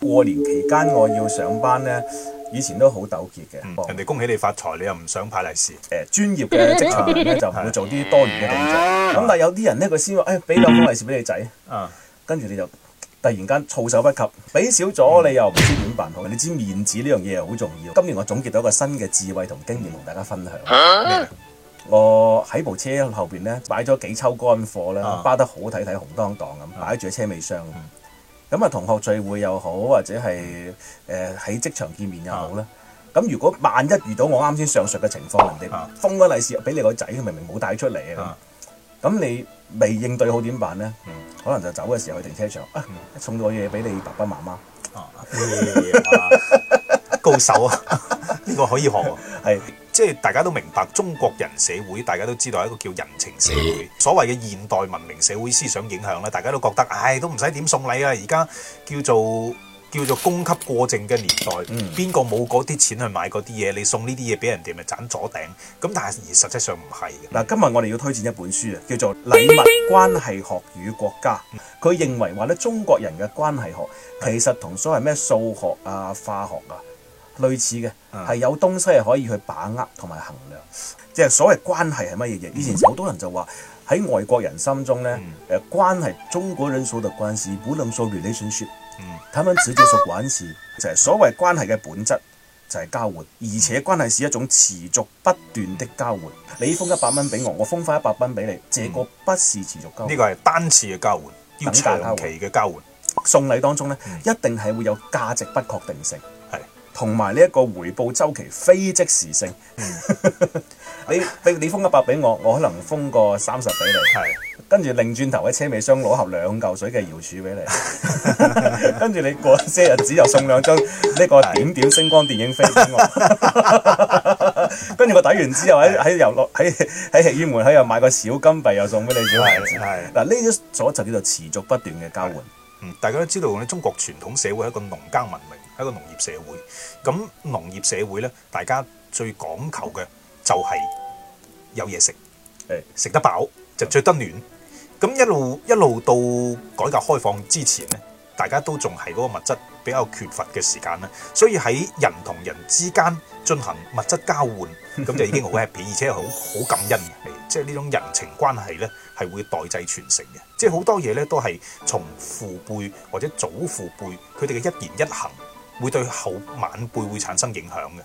過年期間我要上班呢，以前都好糾結嘅。人哋恭喜你發財，你又唔想派利是。誒，專業嘅職場人呢，就唔會做啲多餘嘅動作。咁但係有啲人呢，佢先話誒，俾兩封利是俾你仔。跟住你就突然間措手不及，俾少咗你又唔知點辦好。你知面子呢樣嘢好重要。今年我總結到一個新嘅智慧同經驗同大家分享。咩啊？我喺部車後邊呢，擺咗幾抽乾貨啦，包得好睇睇，紅當當咁，擺住喺車尾箱。咁啊，同學聚會又好，或者係誒喺職場見面又好啦。咁、啊、如果萬一遇到我啱先上述嘅情況，人哋封個利是俾你個仔，佢明明冇帶出嚟啊。咁你未應對好點辦咧？可能就走嘅時候去停車場啊，送咗嘢俾你爸爸媽媽。高 手啊！呢 個可以學。係，是即係大家都明白中國人社會，大家都知道係一個叫人情社會。所謂嘅現代文明社會思想影響咧，大家都覺得，唉、哎，都唔使點送禮啊！而家叫做叫做供給過剩嘅年代，邊個冇嗰啲錢去買嗰啲嘢？你送呢啲嘢俾人哋咪盞咗頂？咁但係實際上唔係嘅。嗱，今日我哋要推薦一本書啊，叫做《禮物關係學與國家》。佢、嗯、認為話咧，中國人嘅關係學其實同所謂咩數學啊、化學啊。類似嘅係、嗯、有東西係可以去把握同埋衡量，即、就、係、是、所謂關係係乜嘢嘢？以前好多人就話喺外國人心中咧，誒、嗯呃、關係中國人說的關係不能說 relationship、嗯、他們直接說關係，就係、是、所謂關係嘅本質就係、是、交換，嗯、而且關係係一種持續不斷的交換。嗯、你封一百蚊俾我，我封翻一百蚊俾你，這個不是持續交換，呢個係單次嘅交換，要長期嘅交換。交換送禮當中咧，嗯、一定係會有價值不確定性。同埋呢一個回報週期非即時性、嗯， 你你封一百俾我，我可能封個三十俾你，係跟住擰轉頭喺車尾箱攞盒兩嚿水嘅瑤柱俾你，跟 住你過些日子又送兩張呢個點點星光電影飛俾我，跟 住我抵完之後喺喺遊樂喺喺戲院門口又買個小金幣又送俾你小孩子，小係，係嗱呢啲所就叫做持續不斷嘅交換。嗯，大家都知道咧，中國傳統社會係一個農耕文明，係一個農業社會。咁農業社會咧，大家最講求嘅就係有嘢食，誒食得飽就著得暖。咁一路一路到改革開放之前咧，大家都仲係嗰個物質比較缺乏嘅時間啦。所以喺人同人之間進行物質交換，咁就已經好 happy， 而且好好感恩。即係呢種人情關係咧，係會代際傳承嘅。即係好多嘢咧，都係從父輩或者祖父輩佢哋嘅一言一行，會對後晚輩會產生影響嘅。